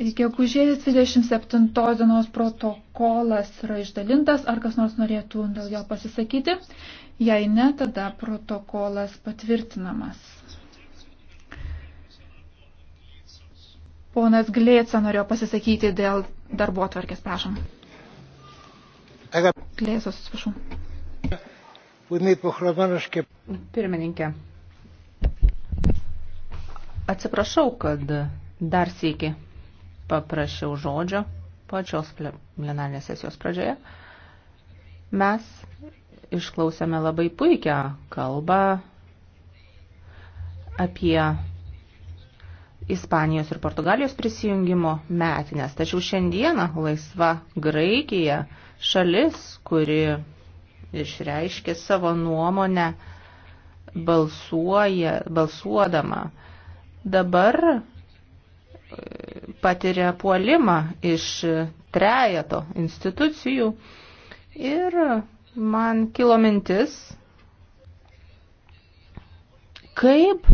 Gegužės 27 dienos protokolas yra išdalintas, ar kas nors norėtų dėl jo pasisakyti. Jei ne, tada protokolas patvirtinamas. Ponas Glėca norėjo pasisakyti dėl darbo atvarkės, prašom. Glėcos, atsiprašau. Pirmininkė, atsiprašau, kad dar sėki paprašiau žodžio pačios plenarinės sesijos pradžioje. Mes išklausėme labai puikią kalbą apie Ispanijos ir Portugalijos prisijungimo metinės. Tačiau šiandieną laisva Graikija, šalis, kuri išreiškė savo nuomonę balsuoja, balsuodama, dabar patiria puolimą iš trejato institucijų ir man kilo mintis, kaip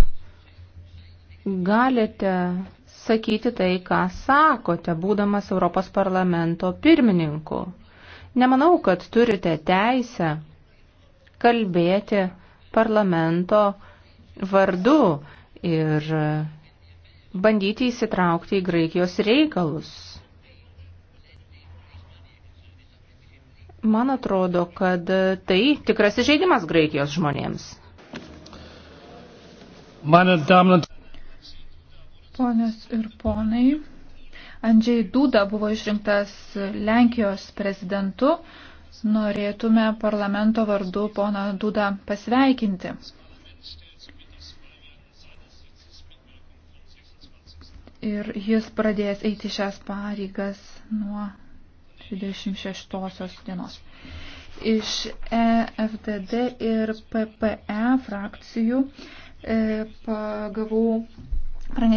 galite sakyti tai, ką sakote, būdamas Europos parlamento pirmininku. Nemanau, kad turite teisę kalbėti parlamento vardu ir bandyti įsitraukti į Graikijos reikalus. Man atrodo, kad tai tikras įžeidimas Graikijos žmonėms. Ponios ir ponai, Andžiai Duda buvo išrinktas Lenkijos prezidentu. Norėtume parlamento vardu poną Dudą pasveikinti. ir jis pradės eiti šias pareigas nuo 26 dienos. Iš EFDD ir PPE frakcijų e, pagavau pranešimą.